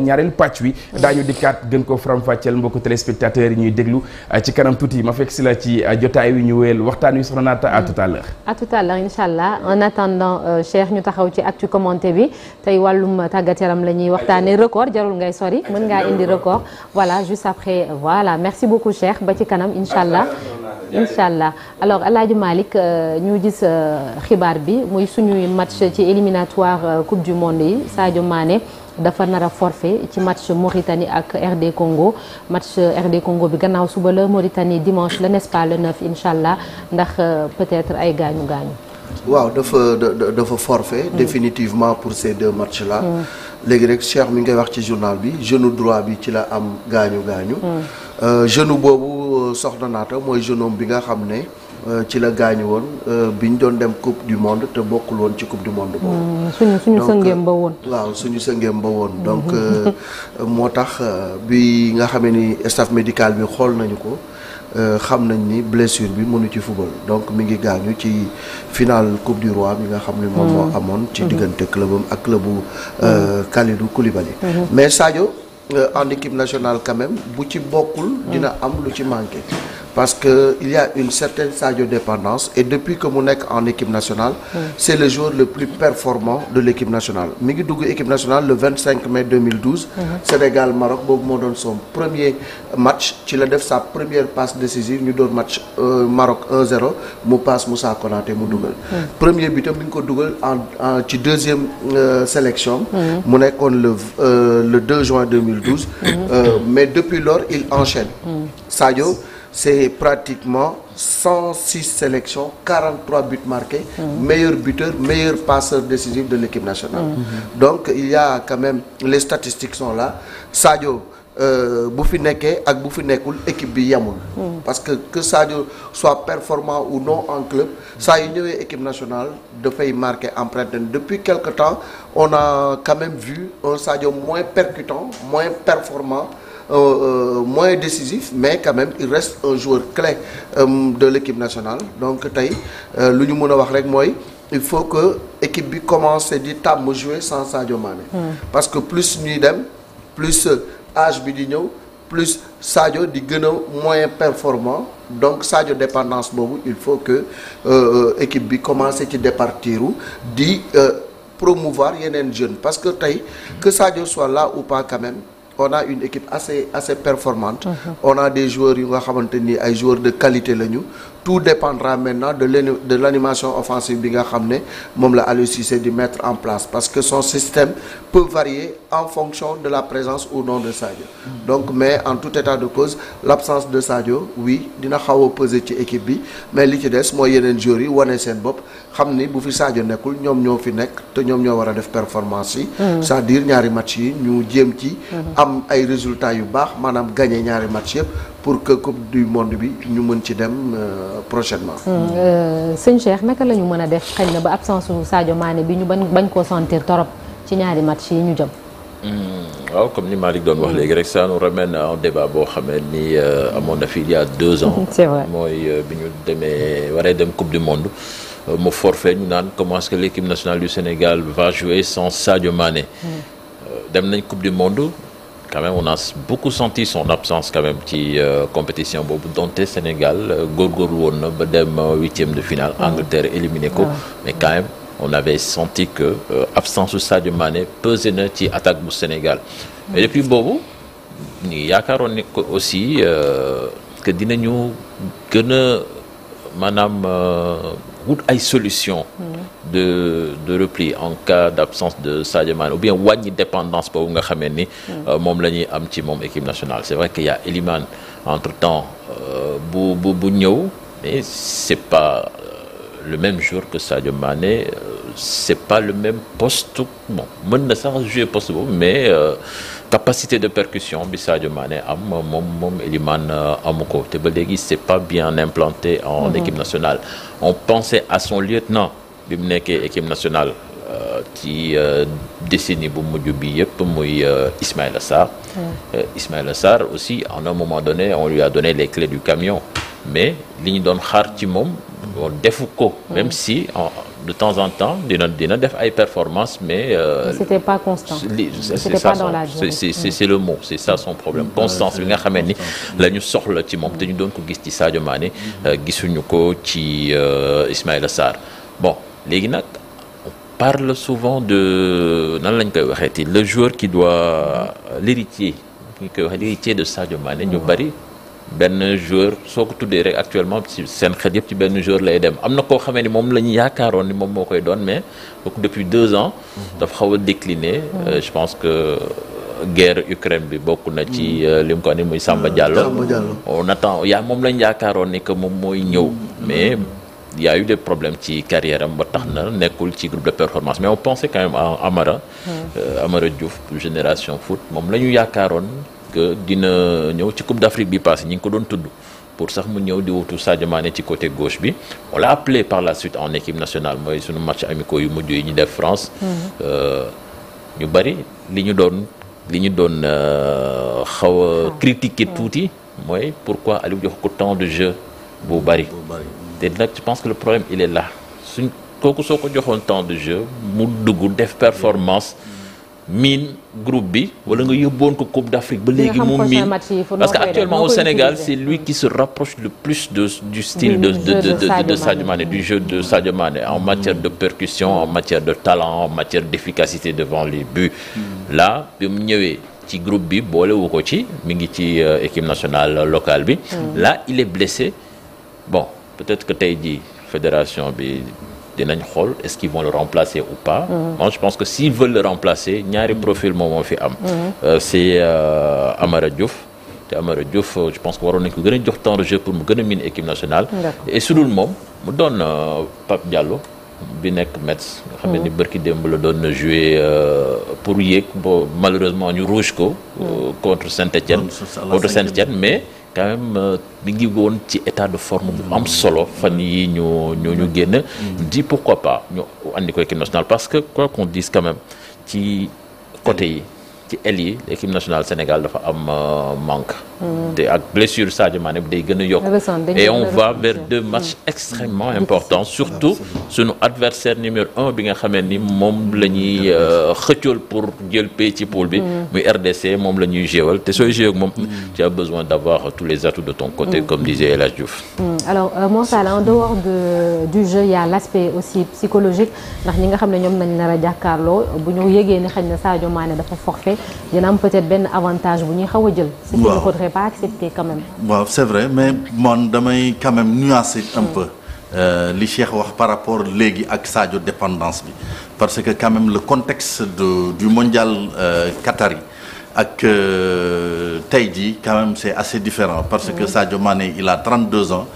ñaareel pàcc wi daañu dikkaat gën ko faram-fàcceel mbokku téléspectateurs yi ñuy déglu euh, ci kanam tuuti ma fekk si la ci euh, jotaay wi ñu wéyal waxtaan wi soxna naata ta tout à l'heure à tout allah en attendant euh, Cheikh ñu taxaw ci actu commenté bi tey wàllum tàggat yaram la ñuy waxtaane record jarul ngay sori mën ngaa indi record voilà juste après voilà merci beaucoup Cheikh ba ci kanam incha allah incha allah alors El Hadj Malick ñu gis xibaar bi muy suñuy match ci éliminatoire coupe du monde yi Sadio dafa nar a forfait ci match Mauritanie ak RD Congo match RD Congo bi gannaaw suba la Mauritanie dimanche la n'est-ce pas le 9 incha allah ndax euh, peut-être ay gaañu gaañu. waaw dafa dafa forfait mm. définitivement pour ces deux matchs là. Mm. léegi rek Cheikh mi ngay wax ci journal bi genou droit bi ci la am gaañu gaañu. Mm. Euh, genou boobu euh, soxna naata mooy genou bi nga xam ne. Euh, ci la gaañu woon euh, bi ñu doon dem coupe du monde te bokkul woon ci coupe du monde boobu. Mm, suñu suñu sëngeem ba woon. Euh, waaw suñu sëngeem ba woon. Mm-hmm. donc moo tax bi nga xame ni staff médical bi xool nañu ko. xam nañ ni blessure bi mënu ci football donc mi ngi gaañu ci finale coupe du roi bi nga xam ni moom moo mm-hmm. amoon ci mm-hmm. diggante clubam ak clubu Kalidou Koulibaly mais Sadio en équipe nationale quand bu ci bokkul mm. dina am lu ci manqué parce que il y a une certaine Sadio dépendance et depuis que mu nekk en équipe nationale c'est le joueur le plus performant de l'équipe nationale mi ngi dugg équipe nationale le 25 mai 2012 Sénégal Maroc boobu moo doon son premier match ci la def sa première passe décisive ñu doon match euh, Maroc 1-0 mu passe Moussa Konaté mu dugal premier bi tam mi ngi ko dugal en ci deuxième euh, sélection mu nekkoon le euh, le 2 juin 2012 mais depuis lors il enchaîne Sadio c'est pratiquement 106 sélections 43 buts marqués mmh. meilleur buteur meilleur passeur décisif de l'équipe nationale mhm. donc il y a quand même les statistiques sont là Sadio euh, bu fi nekkee ak bu fi nekkul équipe bi yemul mhm. parce que que Sadio soit performant ou non en club saa yu ñëwee équipe nationale dafay marqué empreinte depuis quelque temps on a quand même vu un Sadio moins percutant moins performant Euh, euh, moins décisif mais quand même il reste un joueur clé euh, de l'équipe nationale donc tey lu ñu mun a wax rek mooy il faut que équipe bi commence di tàmm jouer sans Sadio Mané hmm. parce que plus ñuy dem plus âge bi di ñëw plus Sadio di gën a moyen performant donc Sadio dépendance boobu il faut que euh, équipe bi commencé ci départiru di euh, promouvoir yeneen jeune parce que tey que Sadio soit là ou pas quand même on a une équipe assez assez performante. Uh-huh. on a des yu nga xamante ni ay joueurs de qualité lañu. tout dépendra maintenant de l de l'animation offensive bi nga xam ne moom la Aliou Cissé di mettre en place parce que son système peut varier en fonction de la présence ou non de Sadio donc mais en tout état de cause l'absence de Sadio oui dina xaw a peser ci équipe bi mais li ci des mooy yeneen joueurs yi wane seen bopp xam ni bu fi Sadio nekkul ñoom ñoo fi nekk te ñoom ñoo war a def performance yi mm. c'est-à-dire ñaari match yi ñu jéem ci mm-hmm. am ay résultats yu baax maanaam gagné ñaari match yëpp pour que coupe du monde bi ñu mën ci dem euh, prochainement. Euh, euh, sëñ Cheikh naka lañu mën a def xëy na ba absence su Sadio Mané bi ñu bañ bañ koo sentir torop ci ñaari match yi ñu jëm. Hmm, waaw comme ni Malick doon wax léegi rek ça nous ramène à un débat boo xamee ni amoon na fi il y a deux ans. mooy bi ñu demee waree dem coupe du monde. mu forfait ñu naan comment est que l'équipe nationale du Sénégal va jouer sans Sadio Mané. Hmm. dem nañ coupe du monde. quand même on a beaucoup senti son absence quand même ci euh, compétition boobu donte Sénégal euh, góorgóorlu woon na ba euh, huitième de finale. Angleterre éliminé ko. mais quand même on avait senti que absence su Sadio Mané pesé na ci attaque bu Sénégal. mais depuis boobu ñu yaakaaroon ne ko aussi que dinañu gën a maanaam. wut ay solution de de repli en cas d'absence de Sadio Mané ou bien wàññi dépendance boobu nga xamee ni euh, moom la ñuy am ci moom équipe nationale c'est vrai qu'il y a Elimane entre temps euh, bu bu bu ñëw mais c'est pas euh, le même jour que Sadio Mané c'est pas le même poste bon mën na sax jouer poste boobu mais capacité de percussion bi Sadio Mané am moom moom Elimane euh, amu ko te ba léegi c'est pas bien implanté en mm -hmm. équipe nationale on pensait à son lieutenant bi mu nekkee équipe nationale ci euh, euh, décennie bu mujj bi yëpp muy Ismaïla Sarr Ismaïla aussi en un moment donné on lui a donné les clés du camion mais li ñu doon xaar ci moom bon defu ko. même si on, de temps en temps dina dina def ay performance mais. Euh, c'était pas constant. li c'est ça le mot c'est son problème constance bi nga xamee ni la ñu soxla ci moom te ñu doon ko gis ci Sadio Mané euh, gisuñu ko ci euh, Ismaïla Sarr bon léegi nag. parle souvent de nan lañ koy waxeeti le joueur qui doit l'héritier ñu koy wax l'héritier de Sadio Mané ñu bari benn joueur soo ko tuddee rek actuellement si seen xel yëpp ci benn joueur lay dem am na koo xamee ni moom la ñu yaakaaroon ni moom moo koy doon mais donc depuis deux ans. Mhm. dafa xaw a décliné. Euh, mhm. je pense que guerre Ukraine bi bokk na ci mhm. euh, li mu ko ah, Samba Diallo. on attend yaa moom lañ yaakaaroon ni que moom mooy ñëw. mais y a eu des problèmes ci carrière am ba tax na nekkul ci groupe de performance mais on pensait quand même à Amara. Euh, Amara Diouf génération foot moom la ñu yaakaaroon. que dina ñëw ci Coupe d'Afrique bi passé ñi ngi ko doon tudd pour sax mu ñëw di wutu Sadio Mané ci côté gauche bi on l'a appelé par la suite en équipe nationale mooy suñu match amicaux yu mujj yi ñu def France mm-hmm. euh, ñu bari li ñu doon li ñu doon euh, xaw a mm. tuuti mooy pourquoi Aliou jox ko temps de jeu bu bari te nag je pense que le problème il est là suñ kooku soo ko joxoon temps de jeu mu dugg def performance miin groupe bi wala nga yóbboon ko Coupe d'Afrique ba léegi mu miin parce que actuellement au Sénégal c'est lui qui se rapproche le plus de du style de de de de Sadio du jeu de Sadio en mm. matière de percussion en matière de talent en matière d'efficacité devant les buts mm. là bi mu ñëwee ci groupe bi boolewu ko ci mi ngi ci euh, équipe nationale euh, locale bi mm. là il est blessé peut-être que tey jii fédération bi dinañ xool est-ce qu'ils vont le remplacer ou pas. Mm-hmm. je pense que s'ils veulent le remplacer ñaari mm-hmm. profil moom moo fi am. Mm-hmm. Euh, c'est euh, Amara Diouf. te Amara Diouf euh, je pense que waroon nañ ko gën a jox temps de pour mu gën a miin équipe nationale. et su dul moom mu doon Pape Diallo. bi nekk Metz nga xam ne ni bërki démb la doon jouer pour yéeg bo malheureusement ñu rouge ko. contre Saint-Étienne contre Saint-Étienne mais. quand même euh, mi ngi woon ci état de forme bu am solo fan yi ñu ñu ñu génn. Mm-hmm. di pourquoi pas ñu andi équipe nationale parce que quoi qu'on dise ci côté yi. ci el yi équipe nationale Sénégal dafa am euh, manque hmm. te ak blessure Sadio Mané bi day gën a yokk et on va vers deux matchs hmm. extrêmement importants surtout suñu adversaire numéro bi nga xamee ni moom la ñuy hmm. euh, xëccool pour jël pay ci poule bi muy RDC moom la ñuy géewal te sooy géew moom tu a besoin d'avoir tous les atouts de ton côté comme disait El Hadj Diouf alors euh, Mor Talla en dehors de du jeu il a l'aspect psychologique ndax ñi nga xam ne a jàkkaarloo na Sadio dina am peut-être benn avantage bu ñuy xaw a jël. ce qui ne c'est vrai mais man damay quand même nuancer un peu. Euh, li Cheikh wax par rapport léegi ak saajo dépendance bi parce que quand même le contexte de du mondial euh, qatari ak euh, tey jii quand même c'est assez différent parce que Sadio Mané il a 32 ans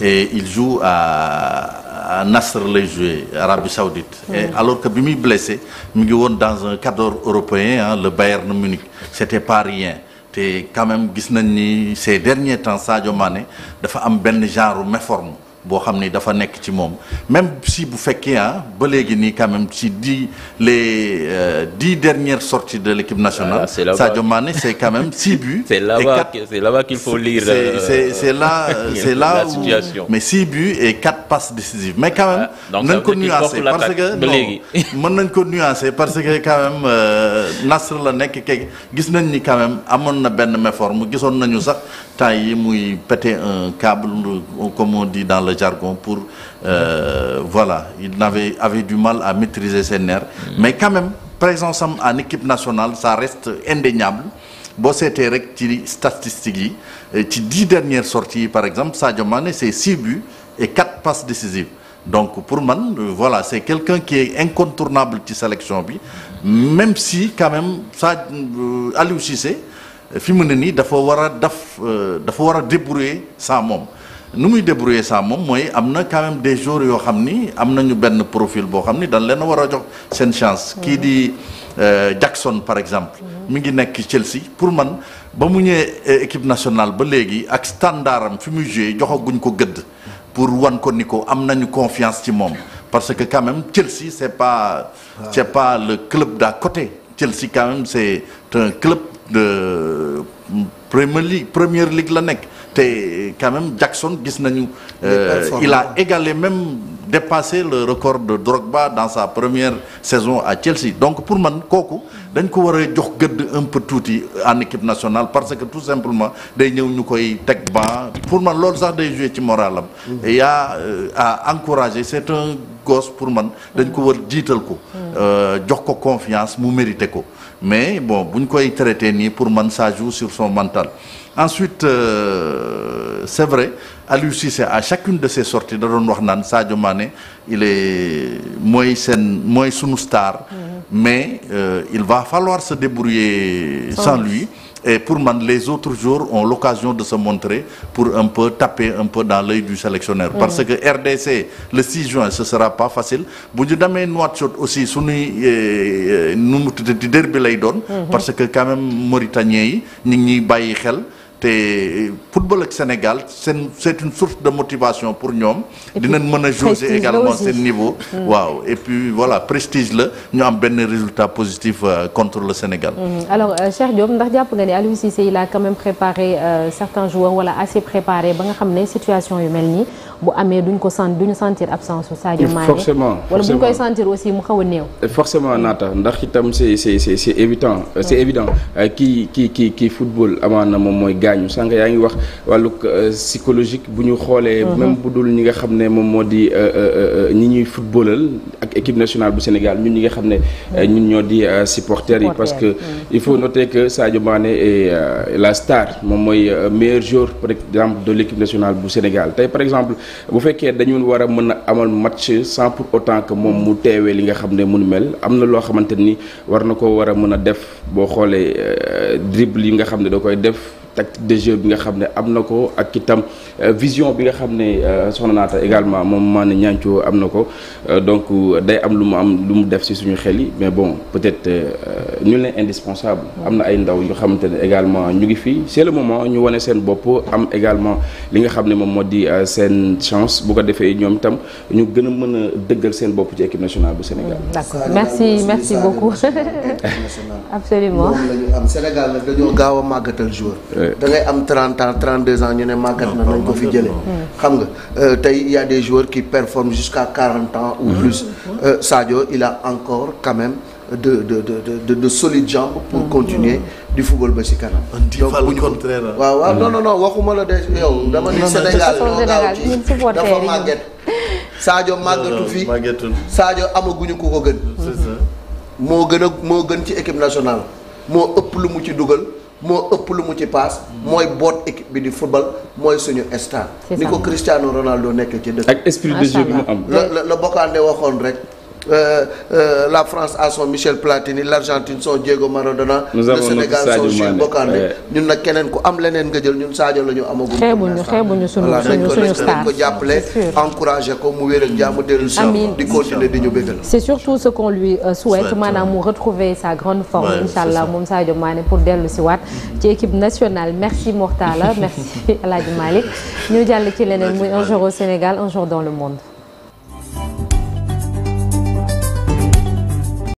et il joue à. Nasr lay joué Arabie Saoudite. et alors que bi muy blessé mu ngi woon dans un cadre européen hein, le Bayern Munich c'était pas rien te quand même gis nañ ni ces derniers temps Sadio Mané dafa am benn genre méforme. boo xam ni dafa nekk ci moom même si bu fekkee ah ba léegi nii quand même si dix les euh, dix dernières sorties de l'équipe nationale. Sadio Mané c'est quand même six buts. c'est là-bas c'est là-bas qu'il faut lire. Euh, c'est c'est là euh, c'est là où mais six buts et quatre passes décisives mais quand même. Ah, donc nañ ko nuancer parce que non mën nañ ko nuancer parce que quand même Nasr la nekk kay gis nañ ni quand même amoon na benn méforme gisoon nañu sax temps yi muy péter un câble comme on dit dans le jargon pour euh, voilà il n'avait avait du mal à maitriser ses mm. mais quand même présence am en équipe nationale ça reste indéniable boo seetee rek ci statistiques yi ci dix dernières sorties yi par exemple Sadio Mané c'est six buts et quatre passes décisives donc pour man euh, voilà c'est quelqu'un qui est incontournable ci sélection bi même si quand même ça euh, Aliou fi mu ne nii dafa war a daf euh, dafa war a débrouiller sa moom nu muy débrouiller ça moom mooy am na quand des jours yoo xam ni am nañu benn profil boo xam ni dañ leen a war a jox seen chance. kii di euh, Jackson par exemple. mi ngi nekk Chelsea pour man ba mu ñëwee euh, équipe nationale ba léegi ak standard am fi muy joué joxaguñ ko gëdd. pour wan ko ni ko am nañu confiance ci moom parce que quand même Chelsea c'est pas. c'est pas le club d'à côté. Chelsea quand même c'est un club de Premier League la nekk. te quand même Jackson gis nañu. Euh, il a égalé même dépassé le record de Drogba dans sa première saison à Chelsea donc pour man kooku dañ ko war a jox gëdd un peu tuuti en équipe nationale parce que tout simplement day ñëw ñu koy teg ban pour man lool sax day jouer ci moralam. Mm-hmm. et yaa euh, à encourager c'est un gosse pour man dañ ko war jiital ko. Mm-hmm. Euh, jox ko confiance mu mérité ko mais bon bu ñu koy traité nii pour man sa joue sur son mental. ensuite euh, c'est vrai Aliou Cissé à chacune de ses sorties da doon wax naan Sadio Mané il est mooy seen mooy sunu star. Mm. mais euh, il va falloir se débrouiller sans, sans lui. et pour man les autres jours ont l'occasion de se montrer pour un peu taper un peu dans l'œil du sélectionneur mm. parce que RDC le 6 juin ce sera pas facile bu ñu demee Nouakchott aussi suñuy euh, euh, nu mu tuddati derby lay doon mm-hmm. parce que quand même Mauritaniens yi ñu ngi bàyyi xel te eh, football ak Sénégal seen c' une source de motivation pour ñoom. dinañ mën a jauger également seen niveau. Mm. waaw et puis voilà prestige la ñu am benn résultat positif euh, contre le Sénégal. Mm. alors euh, Cheikh Diop ndax jàpp nga ne Aliou Cissé il a quand même préparé euh, certains joueurs wala assez préparé ba nga xam ne situation yu mel nii. bu amee duñ ko sant duñu sentir absence su Sadio Mané. forcément wala bu ñu koy sentir aussi mu xaw a néew. forcément naata ndax itam c' est c' est c' est évident euh, c' évident euh, kii kii kii kii football na moom mooy gaañu sànq yaa ngi wax wàllu euh, psychologique bu ñu xoolee. Uh-huh. même bu dul ñi nga xam ne moom moo di ñi ñuy footballal ak équipe nationale bu Sénégal ñun ñi nga xam ne. ñun ñoo di supporters yi parce que il faut noter que Sadio Mané est la star moom mooy meilleur joueur par exemple de l' équipe nationale bu Sénégal tey par exemple. bu fekkee dañu war a mën a amal match sans pour autant que moom mu teewee li nga xam ne mënu mel am na loo xamante ni war na ko war a mën a def boo xoolee euh, dribble yi nga xam ne da koy def. tactique de jeu bi nga xam ne am na ko ak itam euh, vision bi nga xam ne euh, soxna naata également moom maa ne ñaancoo am na ko euh, donc day am lu mu am lu mu def ci suñu xel yi mais bon peut-être ñu ne indisponsable am na ay ndaw yu xamante ne également ñu ngi fii c'est le moment ñu wane seen bopp am également li nga xam ne moom moo di seen chance bu ko defee ñoom itam ñu gën a mën a dëggal seen bopp ci équipe nationale bu Sénégal. d'accord merci merci beaucoup. da ngay am 30 ans 32 ans ñu ne màggat na nañ ko fi xam nga euh, tey y des joueurs qui performent jusqu'à 40 ans ou plus mm-hmm. euh, Sadio il a encore quand même. de de de de pour mm-hmm. continuer mm-hmm. di football ba si kanam. donc bu ñu waaw waaw non non non waxuma la de yow. dama ni Sénégal ñoo gaaw ci dafa màgget. Sadio màggetu fi Sadio amaguñu ku ko gën. moo gën a moo gën ci équipe nationale moo ëpp lu mu ci dugal. moo ëpp lu mu ci paas. mooy boot équipe bi di football mooy suñu star. ni ko Cristiano Ronaldo nekk ci dëkk. ak esprit de jeu bi mu am. la la la bokkaande waxoon rek. Euh, euh, la France a son Michel Platini l'Argentine son Diego Maradona. nous avons le Sénégal son Jules Bocandé ñun nag keneen ku am leneen nga jël ñun Sadio la ñu amagum. xeebuñu xeebuñu suñu suñu suñu ko jàppale. encouragé ko mu wér ak jàmm dellu si di continuer di ñu bëggal. c'est surtout ce qu'on lui euh, souhaite maanaam mu retrouver sa grande forme incha allah moom Sadio Mané pour si waat ci équipe nationale merci Mortala merci El Hadj Malick ñu jàll ci leneen muy un jour au Sénégal